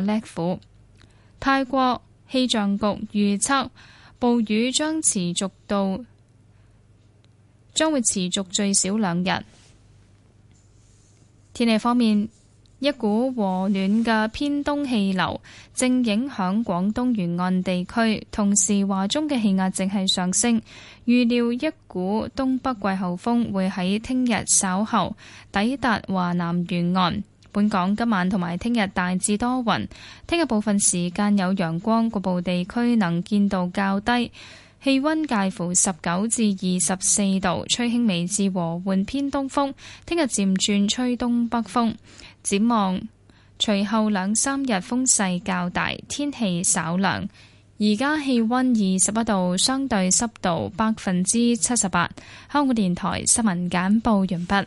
叻府！泰國氣象局預測，暴雨將持續到，將會持續最少兩日。天氣方面，一股和暖嘅偏東氣流正影響廣東沿岸地區，同時華中嘅氣壓正係上升。預料一股東北季候風會喺聽日稍後抵達華南沿岸。本港今晚同埋聽日大致多雲，聽日部分時間有陽光，局部地區能見度較低，氣溫介乎十九至二十四度，吹輕微至和緩偏東風。聽日漸轉吹東北風，展望隨後兩三日風勢較大，天氣稍涼。而家氣溫二十一度，相對濕度百分之七十八。香港電台新聞簡報完畢。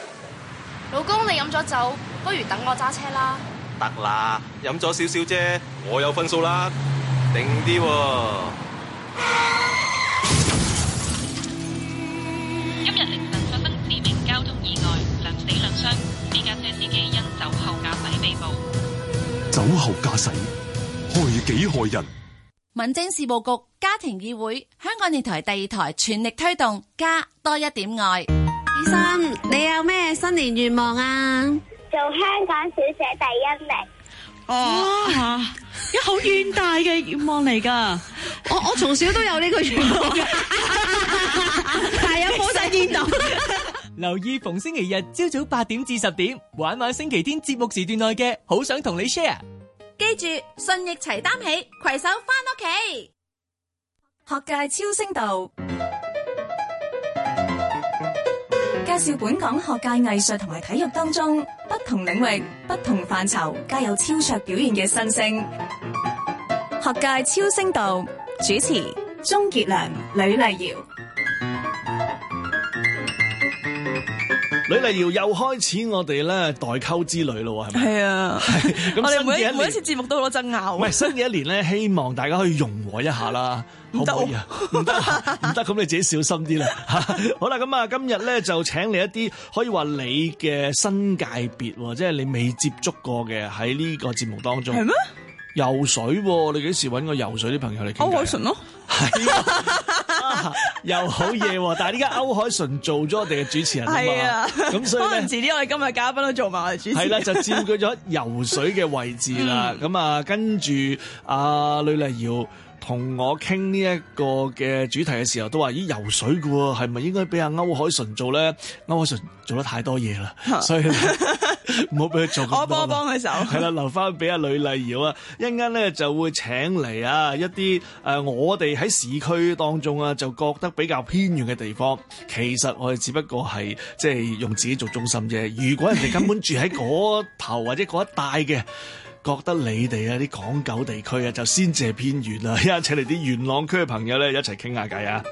老公，你飲咗酒，不如等我揸車啦。得啦，飲咗少少啫，我有分數啦，定啲啊。今日凌晨發生致命交通意外，兩死兩傷，呢架車司機因酒後駕駛被捕。酒後駕駛，害己害人。民政事務局家庭議會，香港電台第二台全力推動，加多一點愛。生，你有咩新年願望啊？做香港小姐第一名。哦，一好遠大嘅願望嚟㗎。我我從小都有呢個願望，但係又冇晒見到。 留意逢星期日朝早八點至十點，玩玩星期天節目時段內嘅好想同你 share。記住，順逆齊擔起，携手翻屋企。學界超聲道。介紹本港學界藝術同埋體育當中不同領域、不同範疇皆有超卓表現嘅新星，學界超星道。主持：鍾傑良、呂麗瑤。呂麗瑤又開始我哋咧代溝之旅咯喎，係咪？係啊，咁 新嘅一年， 每，每一次節目都好多爭拗、啊。唔 係新嘅一年咧，希望大家可以融和一下啦，可唔行可以啊？唔得， 唔得，咁你自己小心啲啦。 好啦，咁啊，今日咧就請你一啲可以話你嘅新界別，即係你未接觸過嘅喺呢個節目當中。係咩嗎？游水喎、啊？你幾時揾個游水啲朋友嚟傾下？歐海純咯。 又好嘢喎、啊！但係依家歐鎧淳做咗我哋嘅主, 主持人，係啊，咁所以咧，可能遲啲我哋今日嘉賓都做埋我哋主持，係啦，就佔據咗游水嘅位置啦。咁啊、 嗯，跟住阿呂麗瑤同我傾呢一個嘅主題嘅時候，都話咦游水嘅喎，係咪應該俾阿歐鎧淳做咧？歐鎧淳做得太多嘢啦，所以。 唔好俾佢做咁多。我幫幫佢手。係啦，留翻俾阿呂麗瑤啊，一陣間咧就會請嚟，啊一啲誒、呃，我哋喺市區當中啊，就覺得比較偏遠嘅地方，其實我哋只不過係即係用自己做中心啫。如果人哋根本住喺嗰頭或者嗰一帶嘅， 覺得你哋啊啲港九地區啊，就先至係偏遠啊，一陣請嚟啲元朗區嘅朋友咧一齊傾下偈啊。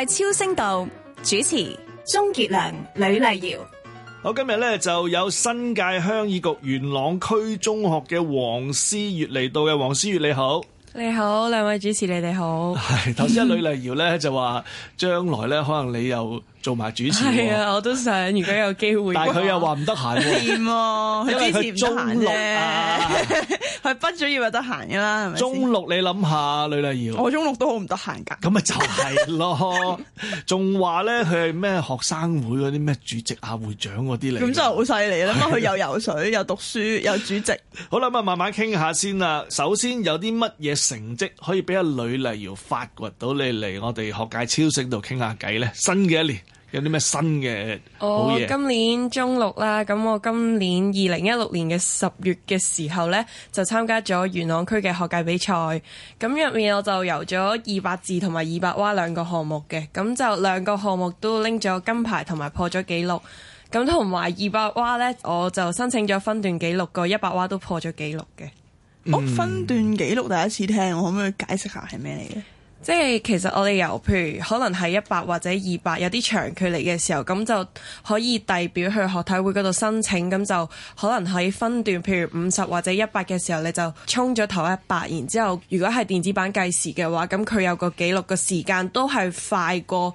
係超聲道主持鍾傑良、呂麗瑤。好，今日咧就有新界鄉議局元朗區中學嘅黃思悅嚟到嘅，黃思悅你好。你好，兩位主持你哋好。係頭先呂麗瑤咧就話，將來咧可能你又。做埋主持，係啊！我都想，如果有機會，但係佢又話唔得閒喎。點喎？因為佢中六，佢畢咗業咪得閒噶啦，係咪先？中六你諗下，呂麗瑤，我中六都好唔得閒㗎。咁咪就係咯，仲話咧佢係咩學生會嗰啲咩主席啊、會長嗰啲嚟。咁真係好犀利啦！咁佢又游水，又讀書，又主席。好啦，咁啊，慢慢傾下先啦。首先有啲乜嘢成績可以俾阿呂麗瑤發掘到你嚟我哋學界超新星度傾下偈咧？新嘅一年。有啲咩新嘅好？我今年中六啦，咁我今年二零一六年嘅十月嘅時候呢，就參加咗元朗區嘅學界比賽。咁入面我就游咗二百字同埋二百蛙兩個項目嘅，咁就兩個項目都拎咗金牌同埋破咗紀錄。咁同埋二百蛙呢，我就申請咗分段紀錄，個一百蛙都破咗紀錄嘅。我、嗯 oh, 分段紀錄第一次聽，我可唔可以解釋下係咩嚟嘅？即係其實我哋由譬如可能係一百或者二百有啲長距離嘅時候，咁就可以遞表去學體會嗰度申請，咁就可能喺分段譬如五十或者一百嘅時候，你就衝咗頭一百，然之後如果係電子版計時嘅話，咁佢有個記錄嘅時間都係快過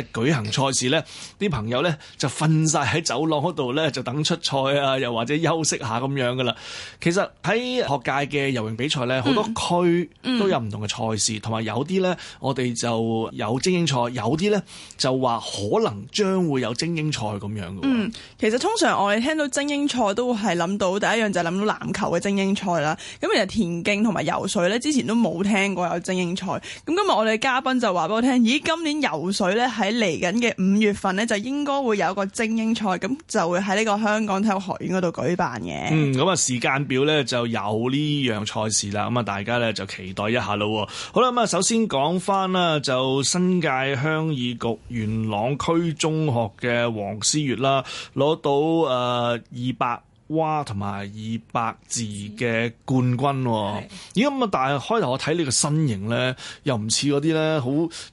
舉行賽事咧，啲朋友咧就瞓晒喺走廊嗰度咧，就等出賽啊，又或者休息下咁樣噶啦。其實喺學界嘅游泳比賽咧，好、嗯、多區都有唔同嘅賽事，同埋、嗯、有啲咧，我哋就有精英賽，有啲咧就話可能將會有精英賽咁樣噶。嗯，其實通常我哋聽到精英賽都係諗到第一樣就係諗到籃球嘅精英賽啦。咁其實田徑同埋游水咧，之前都冇聽過有精英賽。咁今日我哋嘅嘉賓就話俾我聽，咦，今年游水咧喺嚟緊嘅五月份呢，就應該會有個精英賽，咁就會喺呢個香港體育學院嗰度舉辦嘅。嗯，咁啊時間表呢，就有呢樣賽事啦，咁啊大家呢，就期待一下咯。好啦，咁啊首先講翻啦，就新界鄉議局元朗區中學嘅黃思悦啦，攞到誒二百呃蛙同埋二百字嘅冠軍，哦，咦咁啊！但係開頭我睇你個身形咧，又唔似啲咧，好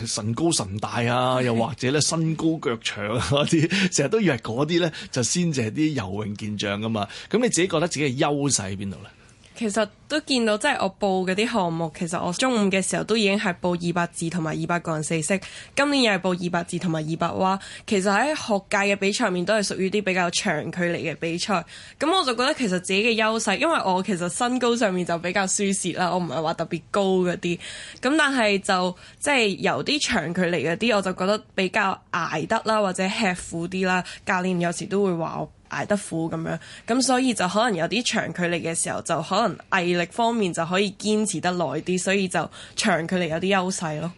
神高神大啊，嗯、又或者咧身高腳長啊啲，成 日都以為啲咧就先至係啲游泳健將噶嘛。咁你自己覺得自己嘅優勢喺邊度咧？其實都見到，即係我報嗰啲項目，其實我中五嘅時候都已經係報二百自同埋二百個人四式，今年又係報二百自同埋二百蛙。其實喺學界嘅比賽面都係屬於啲比較長距離嘅比賽。咁我就覺得其實自己嘅優勢，因為我其實身高上面就比較輸蝕啦。我唔係話特別高嗰啲，咁但係就即係、就是、由啲長距離嗰啲，我就覺得比較捱得啦，或者吃苦啲啦。教練有時都會話我。捱得苦咁樣，咁所以就可能有啲長距離嘅時候，就可能毅力方面就可以堅持得耐啲，所以就長距離有啲優勢咯。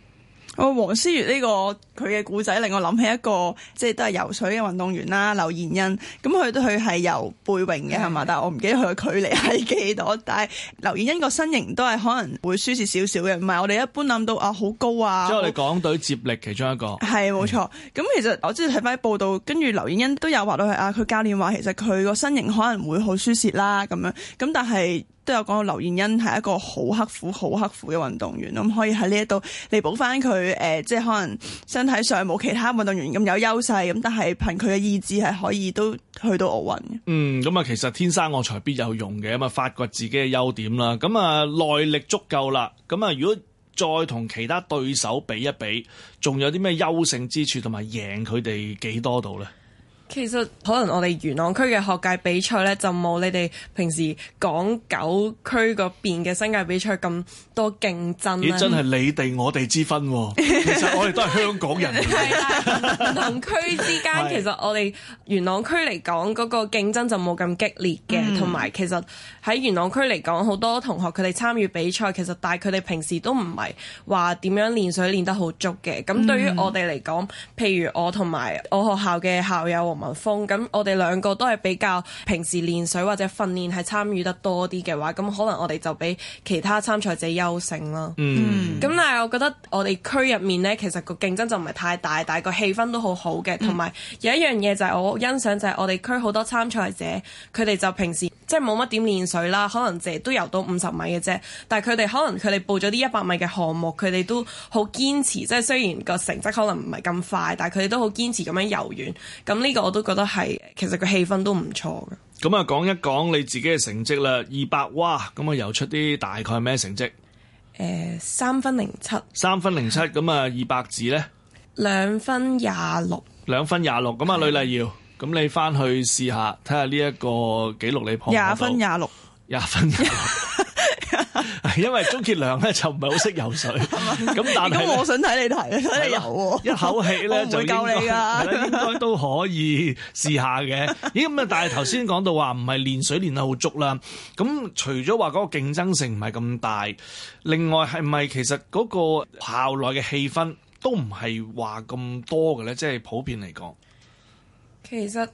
哦，黃思悦呢、呢個佢嘅故仔令我諗起一個，即係都係游水嘅運動員啦，劉燕欣。咁佢都佢係游背泳嘅係嘛？但係我唔記得佢嘅距離係幾多。但係劉燕欣個身形都係可能會舒適少少嘅，唔係我哋一般諗到啊好高啊。即係我哋港隊接力其中一個。係冇、嗯、錯。咁、嗯嗯嗯、其實我之前睇翻啲報道，跟住劉燕欣都有話到佢啊，佢教練話其實佢個身形可能會好舒適啦咁樣。咁但係。都有講到劉燕欣係一個好刻苦、好刻苦嘅運動員，咁可以喺呢一度彌補翻佢誒，即係可能身體上冇其他運動員咁有優勢，咁但係憑佢嘅意志係可以都去到奧運嘅。嗯，咁啊，其實天生我材必有用嘅，咁啊發掘自己嘅優點啦，咁啊、呃、耐力足夠啦，咁啊如果再同其他對手比一比，仲有啲咩優勝之處，同埋贏佢哋幾多度咧？其實可能我哋元朗區嘅學界比賽咧，就冇你哋平時港九區嗰邊嘅新界比賽咁多競爭，啊。咦，真係你哋我哋之分，啊。 其實我哋都係香港人，啊。係 啦，啊，同區之間 是其實我哋元朗區嚟講，嗰個競爭就冇咁激烈嘅。同埋，嗯，其實喺元朗區嚟講，好多同學佢哋參與比賽，其實但係佢哋平時都唔係話點樣練水練得好足嘅。咁對於我哋嚟講，譬如我同埋我學校嘅校友。文峰，咁、嗯、我哋兩個都係比較平時練水或者訓練係參與得多啲嘅話，咁可能我哋就比其他參賽者優勝啦。嗯，咁但係我覺得我哋區入面呢，其實個競爭就唔係太大，但係個氣氛都好好嘅，同埋有一樣嘢就係我欣賞就係我哋區好多參賽者，佢哋就平時。即係冇乜點練水啦，可能淨係都游到五十米嘅啫。但係佢哋可能佢哋報咗啲一百米嘅項目，佢哋都好堅持。即係雖然個成績可能唔係咁快，但係佢哋都好堅持咁樣游完。咁呢個我都覺得係，其實個氣氛都唔錯噶。咁啊、嗯，講一講你自己嘅成績啦。二百蛙，咁啊游出啲大概咩成績？誒、呃，三分零七。三分零七咁啊，二百自呢？兩分廿六。兩分廿六咁啊，呂麗瑤。咁你翻去試下，睇下呢一個記錄你破唔破到？廿分廿六，廿分廿六， 因為鍾傑良咧就唔係好識游水，咁 但係如果我想睇你提，睇你遊喎、啊，一口氣咧就夠你㗎，應該都可以試下嘅。咦咁啊？但係頭先講到話唔係練水練得好足啦，咁除咗話嗰個競爭性唔係咁大，另外係咪其實嗰個校內嘅氣氛都唔係話咁多嘅咧？即係普遍嚟講，其實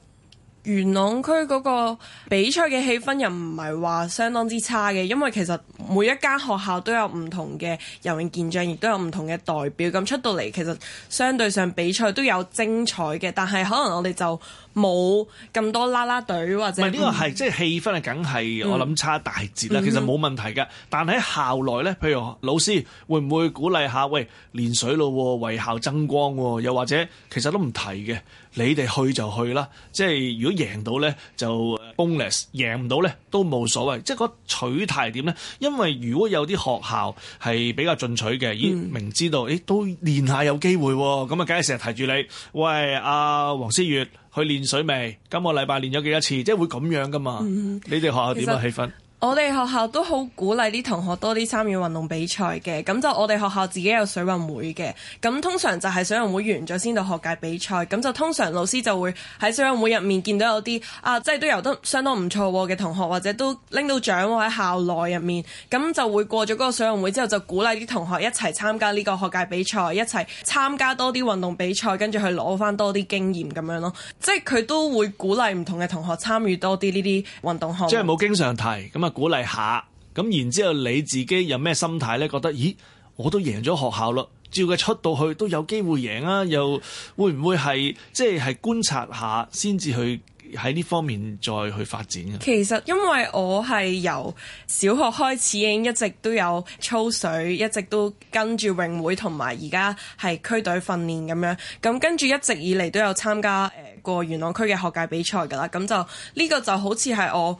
元朗區嗰個比賽嘅氣氛又唔係話相當之差嘅，因為其實每一間學校都有唔同嘅游泳健將，亦都有唔同嘅代表咁出到嚟。其實相對上比賽都有精彩嘅，但係可能我哋就冇咁多啦啦隊或者唔係呢、這個係即係氣氛係梗係我諗差大截啦。嗯、其實冇問題嘅，但喺校內呢，譬如老師會唔會鼓勵下喂練水咯、啊、為校爭光、啊，又或者其實都唔提嘅。你哋去就去啦，即係如果贏到咧就 bonus，贏唔到咧都冇所謂。即係個取態點咧？因為如果有啲學校係比較進取嘅，咦、嗯、明知道誒、欸、都練下有機會喎、啊，咁啊梗係成日提住你，喂阿、啊、黃思悅，去練水未？今個禮拜練咗幾多次？即係會咁樣噶嘛？嗯、你哋學校點嘅氣氛？我哋學校都好鼓勵啲同學多啲參與運動比賽嘅，咁就我哋學校自己有水運會嘅，咁通常就係水運會完咗先到學界比賽，咁就通常老師就會喺水運會入面見到有啲啊，即係都游得相當唔錯嘅同學，或者都拎到獎喺校內入面，咁就會過咗嗰個水運會之後，就鼓勵啲同學一齊參加呢個學界比賽，一齊參加多啲運動比賽，跟住去攞翻多啲經驗咁樣咯，即係佢都會鼓勵唔同嘅同學參與多啲呢啲運動項目。即係冇經常提咁啊。鼓勵下，咁然之後你自己有咩心態呢？覺得咦，我都贏咗學校咯，照佢出到去都有機會贏啊！又會唔會係即係觀察下先至去喺呢方面再去發展嘅啊？其實因為我係由小學開始已經一直都有操水，一直都跟住泳會同埋而家係區隊訓練咁樣，咁跟住一直以嚟都有參加誒過元朗區嘅學界比賽噶啦。咁就呢個就好似係我。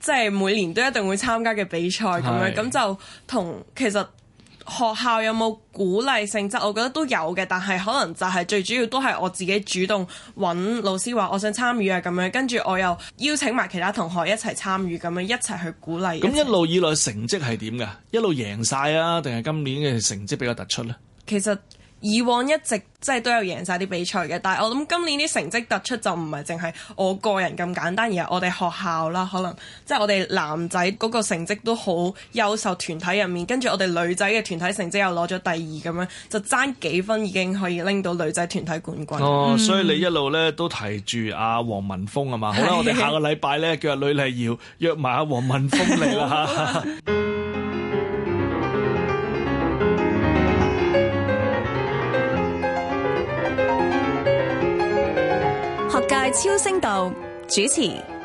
即係每年都一定會參加嘅比賽咁是樣，咁就同其實學校有冇鼓勵性質，我覺得都有嘅，但係可能就係最主要都係我自己主動揾老師話我想參與啊咁樣，跟住我又邀請埋其他同學一齊參與咁樣一齊去鼓勵。咁一路以來成績係點噶？一路贏晒啊，定係今年嘅成績比較突出呢？其實。以往一直即係都有贏晒啲比賽嘅，但係我諗今年啲成績突出就唔係淨係我個人咁簡單，而係我哋學校啦，可能即係我哋男仔嗰個成績都好優秀，團體入面跟住我哋女仔嘅團體成績又攞咗第二咁樣，就爭幾分已經可以拎到女仔團體冠軍。哦，所以你一路咧都提住阿黃文峰吖嘛？嗯、好啦，我哋下個禮拜咧叫阿呂麗瑤約埋阿黃文峰嚟啦。 超聲道主持：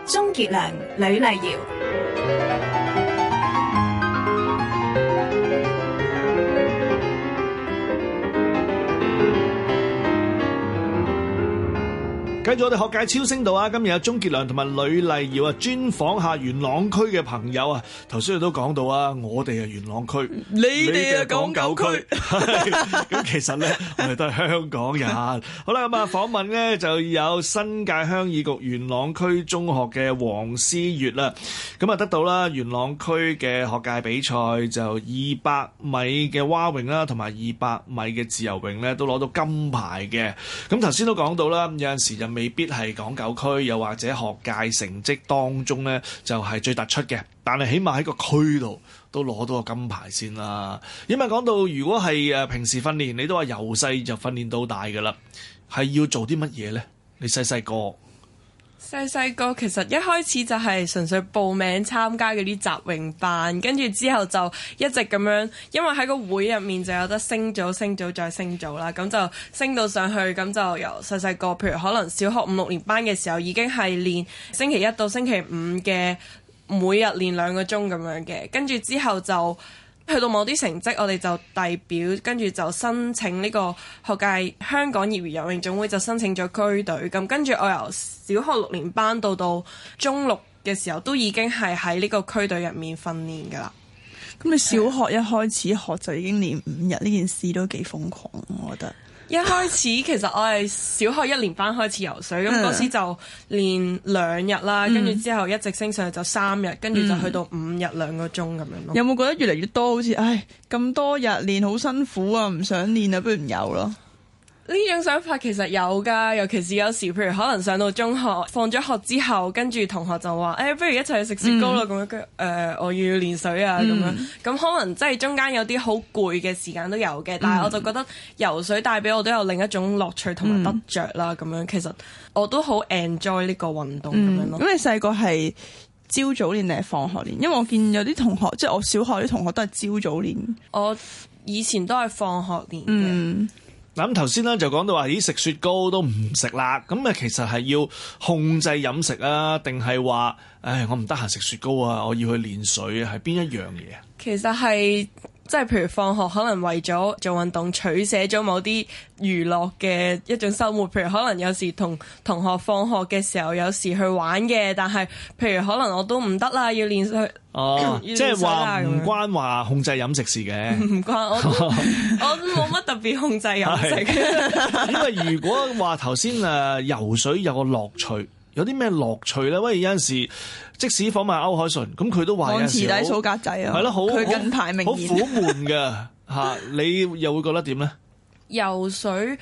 鍾傑良、呂麗瑤。喺我哋學界超聲度啊！今日有鐘杰良同埋呂麗瑤啊，專訪下元朗區嘅朋友啊。頭先都講到啊，我哋係元朗區，你哋啊港九區。咁 其實咧，我哋都係香港人。 好啦，咁啊，訪問咧就有新界鄉議局元朗區中學嘅黃思悦啦。咁啊，得到啦元朗區嘅學界比賽就二百米嘅蛙泳啦，同埋二百米嘅自由泳咧，都攞到金牌嘅。咁頭先都講到啦，有陣時就未。未必係港九區，又或者學界成績當中呢，就係、是、最突出嘅，但係起碼喺個區度都攞到個金牌先啦。因為講到如果係誒平時訓練，你都話由細就訓練到大噶啦，係要做啲乜嘢呢？你細細個。細細個其實一開始就係純粹報名參加嗰啲集泳班，跟住之後就一直咁樣，因為喺個會入面就有得升組，升組再升組啦，咁就升到上去，咁就由細細個，譬如，可能小學五六年班嘅時候，已經係練星期一到星期五嘅每日練兩個鐘咁樣嘅，跟住之後就去到某啲成績，我哋就遞表，跟住就申請呢個學界香港業餘游泳總會就申請咗區隊，咁跟住我由小學六年班到到中六嘅時候，都已經係喺呢個區隊入面訓練噶啦。咁你小學一開始學就已經練五日，呢件事都幾瘋狂，我覺得。 一開始其實我係小學一年班開始游水，咁嗰、嗯、時就練兩日啦，跟住、嗯、之後一直升上去就三日，跟住、嗯、就去到五日兩個鐘咁樣咯。有冇覺得越嚟越多，好似，唉，咁多日練好辛苦啊，唔想練啊，不如唔游咯？呢種想法其實有噶，尤其是有時譬如可能上到中學，放咗學之後，跟住同學就話，誒，不如一齊去食雪糕啦。嗯。咁樣，誒，我要練水啊，嗯。咁樣。咁可能即係中間有啲好攰嘅時間都有嘅，但係我就覺得游水帶俾我都有另一種樂趣同埋得着啦。嗯。咁樣，其實我都好 enjoy 呢個運動嗯。咁樣咯。咁你細個係朝早練定係放學練？因為我見有啲同學，即係我小學啲同學都係朝早練。我以前都係放學練嘅。嗯咁頭先咧就講到話，咦，食雪糕都唔食辣，咁啊其實係要控制飲食啊，定係話，唉我唔得閒食雪糕啊，我要去練水，係邊一樣嘢啊？其實係。即係譬如放學可能為咗做運動取捨咗某啲娛樂嘅一種生活，譬如可能有時同同學放學嘅時候有時去玩嘅，但係譬如可能我都唔得啦，要練水哦，即係話唔關話控制飲食事嘅，唔關我 我冇乜特別控制飲食嘅。咁啊，如果話頭先誒游水有個樂趣。有啲咩樂趣咧？不如有陣時，即使訪問歐鎧淳，咁佢都話池底數格仔啊，係咯，好近排名好苦悶㗎吓。 你又會覺得點咧？游水，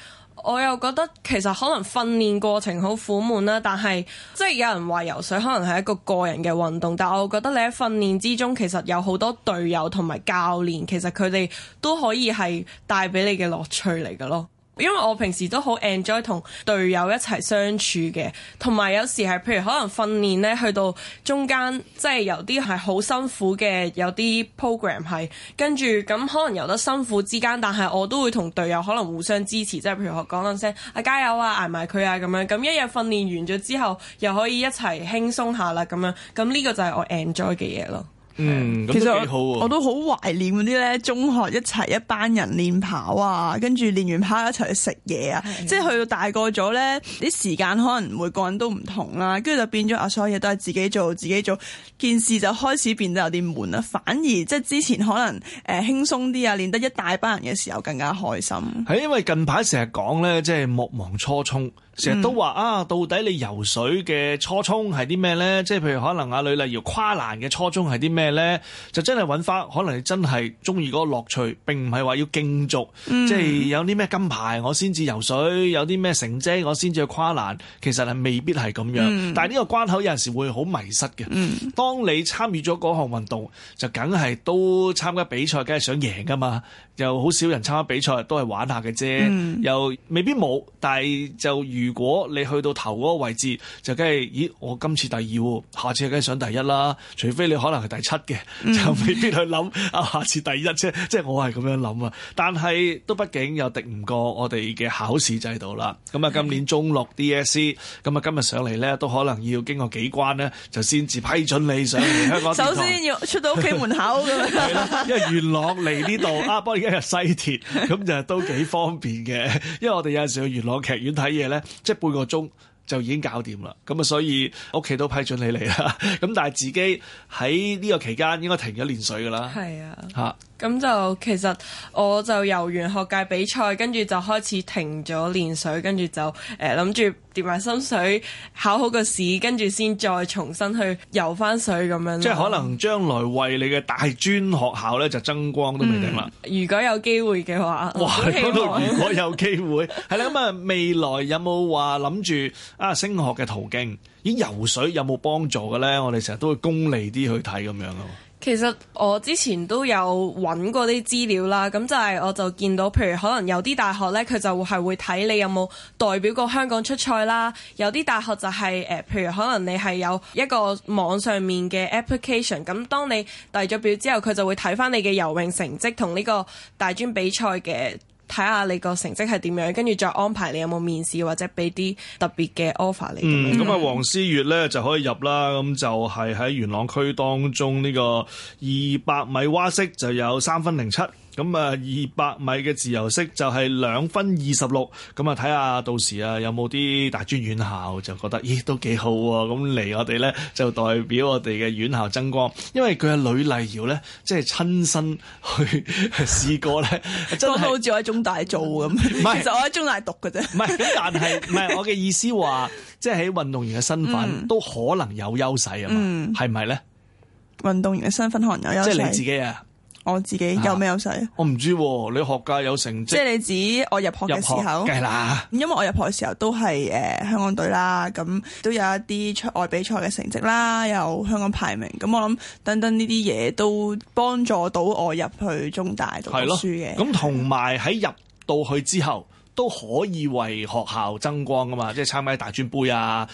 我又覺得其實可能訓練過程好苦悶啦。但係即係有人話游水可能係一個個人嘅運動，但係我覺得你喺訓練之中，其實有好多隊友同埋教練，其實佢哋都可以係帶俾你嘅樂趣嚟㗎咯。因為我平時都好 enjoy 同隊友一齊相處嘅，同埋有，有時係譬如可能訓練呢，去到中間，即係有啲係好辛苦嘅，有啲 program 係跟住咁可能有得辛苦之間，但係我都會同隊友可能互相支持，即係譬如我講兩聲啊加油啊，挨埋佢啊，咁樣咁一日訓練完咗之後又可以一齊輕鬆下啦，咁樣咁呢個就係我 enjoy 嘅嘢咯。嗯，其實我，幾好我，我都好懷念嗰啲咧，中學一齊一班人練跑啊，跟住練完跑一齊去食嘢啊，的即係去到大個咗咧，啲時間可能每個人都唔同啦，啊，跟住就變咗啊，所有嘢都係自己做，自己做件事就開始變得有啲悶啦，反而即係之前可能誒輕鬆啲啊，練、呃、得一大班人嘅時候更加開心。係因為近排成日講咧，即、就、係、是、莫忘初衷。成日、嗯、都話啊，到底你游水嘅初衷係啲咩呢？即係譬如可能阿呂例如跨欄嘅初衷係啲咩呢？就真係揾翻，可能你真係中意嗰個樂趣，並唔係話要競逐，嗯、即係有啲咩金牌我先至游水，有啲咩成績我先至去跨欄。其實係未必係咁樣。嗯、但係呢個關口有陣時會好迷失嘅。嗯、當你參與咗嗰項運動，就梗係都參加比賽，梗係想贏㗎嘛。又好少人參加比賽，都係玩下嘅啫。嗯、又未必冇，但係就如果你去到頭嗰個位置，就梗係咦？我今次第二喎，下次梗係上第一啦。除非你可能係第七嘅，就未必去諗啊，下次第一啫。即係我係咁樣諗啊。但係都畢竟又敵唔過我哋嘅考試制度啦。咁啊，今年中六 DSE 咁啊今日上嚟咧，都可能要經過幾關咧，就先至批准你上嚟香港。首先要出到屋企門口 因為元朗嚟呢度啊，西鐵咁就都幾方便嘅， 因為我哋有陣時去元朗劇院睇嘢咧，即係半個鐘就已經搞掂啦。咁啊，所以屋企都批准你嚟啦。咁但係自己喺呢個期間應該停咗練水噶啦。係啊，嚇。咁就其實我就遊完學界比賽，跟住就開始停咗練水，跟住就誒諗住跌埋心水，考好個試，跟住先再重新去遊翻水咁樣。即係可能將來為你嘅大專學校咧就爭光都未定啦，嗯。如果有機會嘅話，哇！嗰度如果有機會，係啦咁啊，未來有冇話諗住啊升學嘅途徑，以游水有冇幫助嘅咧？我哋成日都會功利啲去睇咁樣咯。其實我之前都有揾過啲資料啦，咁就係我就見到，譬如可能有啲大學呢，佢就係會睇你有冇代表過香港出賽啦；有啲大學就係、是、誒、呃，譬如可能你係有一個網上面嘅 application，咁當你遞咗表之後，佢就會睇返你嘅游泳成績同呢個大專比賽嘅。睇下你個成績係點樣，跟住再安排你有冇面試或者俾啲特別嘅 offer 你。咁啊、嗯，嗯、黃思悦咧就可以入啦。咁就係、是、喺元朗區當中呢個二百米蛙式就有三分零七。咁啊，二百米嘅自由式就係兩分二十六，咁啊睇下到時啊有冇啲大專院校就覺得，咦、欸、都幾好啊！咁嚟我哋咧就代表我哋嘅院校爭光，因為佢阿呂麗瑤咧，即係親身去試過咧， 真係好似我喺中大做咁。唔係 是，其實我喺中大讀嘅啫。唔係，咁但係唔係我嘅意思話，即係喺運動員嘅身份、嗯、都可能有優勢啊嘛？係唔係咧？運動員嘅身份可能有優勢。即係你自己啊？我自己有咩優勢？我唔知喎、啊，你學界有成績？即係你指我入學嘅時候。入學梗係啦，因為我入學嘅時候都係誒、呃、香港隊啦，咁都有一啲出外比賽嘅成績啦，有香港排名，咁我諗等等呢啲嘢，都幫助到我入去中大讀書嘅。咁同埋喺入到去之後。都可以為學校爭光噶嘛，即係參加大專杯啊，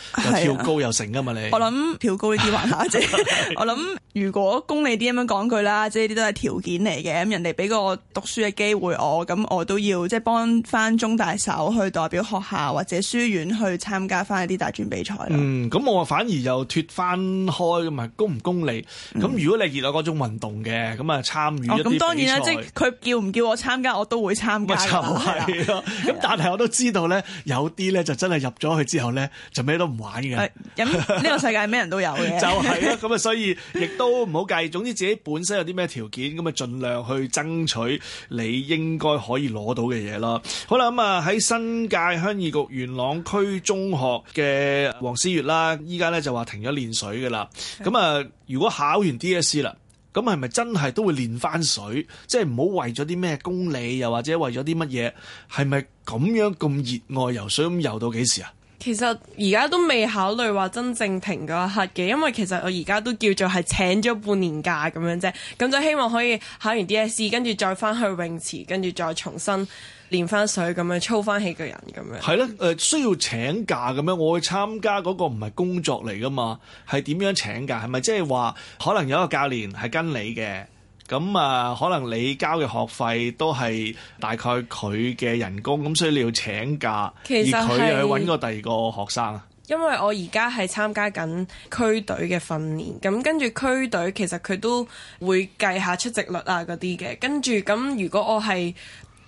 又跳高又成噶嘛你。 我諗跳高呢啲玩下啫， 我諗如果功利啲咁樣講句啦，即係呢啲都係條件嚟嘅。咁人哋俾個讀書嘅機會我，咁我都要即係幫翻中大手去代表學校或者書院去參加翻一啲大專比賽啦。嗯，咁我反而又脫翻開，唔係功唔功利。咁，嗯、如果你熱愛嗰種運動嘅，咁啊參與一啲比賽咁，哦、當然啦，即係佢叫唔叫我參加，我都會參加。係咯。咁但係我都知道咧，有啲咧就真係入咗去之後咧，就咩都唔玩嘅、嗯。係，呢個世界咩人都有嘅。 就係啦，咁啊，所以亦都唔好計。總之自己本身有啲咩條件，咁啊，儘量去爭取你應該可以攞到嘅嘢咯。好啦，咁啊，喺新界鄉議局元朗區中學嘅黃思悦啦，依家咧就話停咗練水嘅啦。咁啊，如果考完 DSE 啦。咁係咪真係都會練翻水？即係唔好為咗啲咩功利，又或者為咗啲乜嘢？係咪咁樣咁熱愛游水咁游到幾時啊？其實而家都未考慮話真正停嗰一刻嘅，因為其實我而家都叫做係請咗半年假咁樣啫，咁就希望可以考完 DSE，跟住再翻去泳池，跟住再重新。連翻水咁樣，操翻起個人咁樣。係咧，誒、呃、需要請假咁樣，我去參加嗰個唔係工作嚟噶嘛，係點樣請假？係咪即係話，可能有一個教練係跟你嘅，咁啊、呃，可能你交嘅學費都係大概佢嘅人工，咁所以你要請假，其實而佢又揾個第二個學生啊。因為我而家係參加緊區隊嘅訓練，咁跟住區隊其實佢都會計下出席率啊嗰啲嘅，跟住咁如果我係。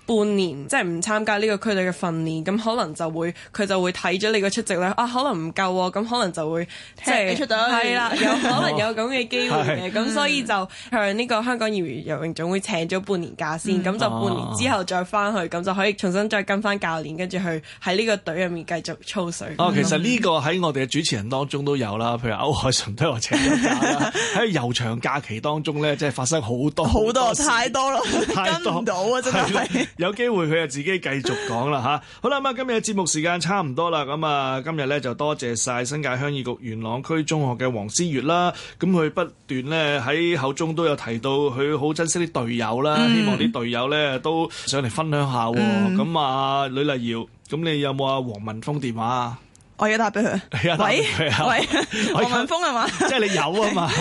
半年即係唔參加呢個區隊嘅訓練，咁可能就會佢就會睇咗你個出席率啊，可能唔夠喎，咁可能就會即係出隊係啦，有可能有咁嘅機會嘅，咁所以就向呢個香港業餘游泳總會請咗半年假先，咁就半年之後再翻去，咁就可以重新再跟翻教練，跟住去喺呢個隊入面繼續操水。哦，其實呢個喺我哋嘅主持人當中都有啦，譬如歐鎧淳都係請咗假啦。喺悠長假期當中咧，即係發生好多好多太多咯，跟唔到啊，真係～ 有機會佢就自己繼續講啦吓，好啦，咁啊今日嘅節目時間差唔多啦。咁啊今日咧就多謝晒新界鄉議局元朗區中學嘅黃思悦啦。咁、啊、佢不斷咧喺口中都有提到，佢好珍惜啲隊友啦。嗯、希望啲隊友咧都想嚟分享下。咁、嗯、啊，呂麗瑤，咁、呃呃、你有冇阿黃文峰電話啊？我而家打俾佢。喂喂，黃文峰係嘛？即係你有啊嘛？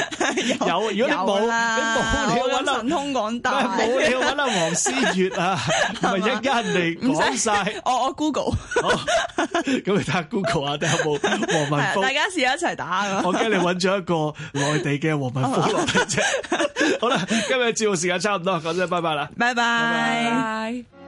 有，如果你冇，冇，我要揾神通廣大。我要揾阿黃思悅啊，唔係一間人哋講晒。我我 Google，咁你睇下 Google 啊，睇下有冇黃文峰。大家試一齊打。我驚你揾咗一個內地嘅黃文峰嚟啫。好啦，今日節目時間差唔多，講真，拜拜啦，拜拜。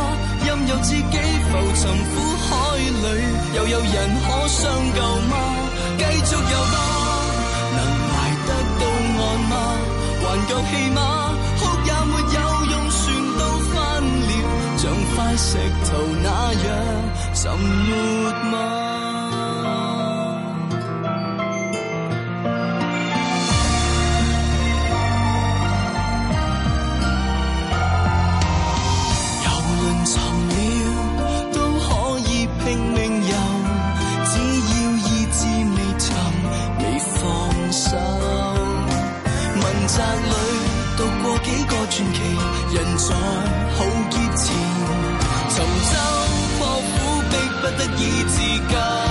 有自己浮沉苦海裏，又有人可相救嗎？繼續游吧，能捱得到岸嗎？還夠氣嗎？哭也沒有用，船都翻了，像塊石頭那樣沉沒嗎？拼命游，只要意志未沉，未放手。文集裏讀過幾個傳奇，人在浩劫前，沉舟破釜，迫不得已自救。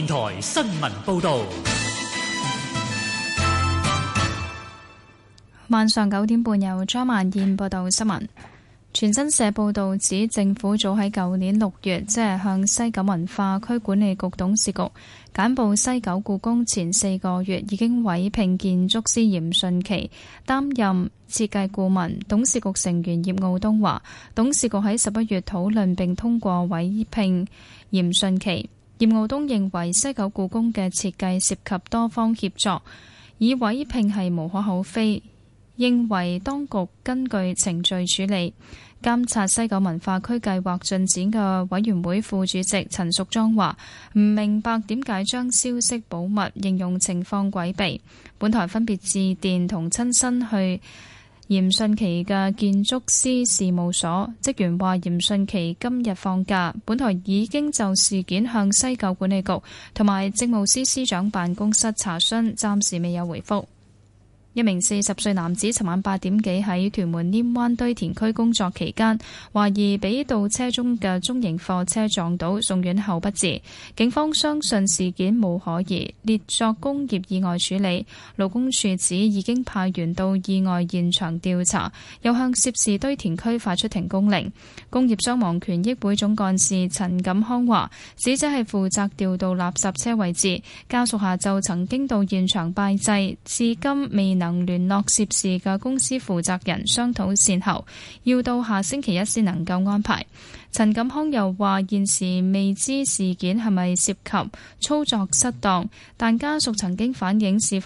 電台新聞報道，晚上九點半由張萬燕報道新聞。《全新社》報道指，政府早喺舊年六月，即係向西九文化區管理局董事局簡報西九故宮前四個月，已經委聘建築師嚴迅奇，擔任設計顧問。董事局成員葉傲東話，董事局喺十一月討論並通過委聘嚴迅奇。葉傲東認為西九故宮嘅設計涉及多方協作，以委聘係無可厚非。認為當局根據程序處理，監察西九文化區計劃進展嘅委員會副主席陳淑莊話：唔明白點解將消息保密，形容情況詭秘。本台分別致電同親身去。嚴迅奇嘅建築師事務所職員話：嚴迅奇今日放假。本台已經就事件向西九管理局同埋政務司司長辦公室查詢，暫時未有回覆。一名四十歲男子尋晚八點幾喺屯門稔灣堆填區工作期間，懷疑俾倒車中嘅中型貨車撞到，送院後不治。警方相信事件冇可疑，列作工業意外處理。勞工處指已經派員到意外現場調查，又向涉事堆填區發出停工令。工業傷亡權益會總幹事陳錦康話：死者係負責調到垃圾車位置，家屬下晝曾經到現場拜祭，至今未能聯絡涉事嘅公司負責人商討善後，要到下星期一先能夠安排。陳錦康又話：現時未知事件係咪涉及操作失當，但家屬曾經反映是。